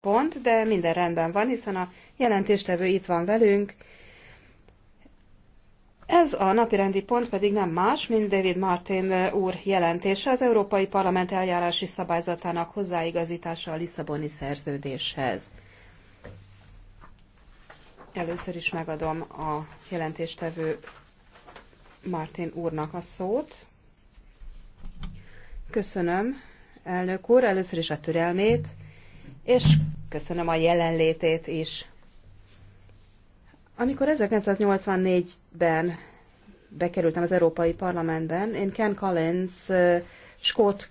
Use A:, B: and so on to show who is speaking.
A: pont, de minden rendben van, hiszen a jelentéstevő itt van velünk. Ez a napirendi pont pedig nem más, mint David Martin úr jelentése az Európai Parlament eljárási szabályzatának hozzáigazítása a Lisszaboni szerződéshez. Először is megadom a jelentéstevő Martin úrnak a szót. Köszönöm, elnök úr, először is a türelmét és köszönöm a jelenlétét is. Amikor 1984-ben bekerültem az Európai Parlamentben, én Ken Collins
B: skót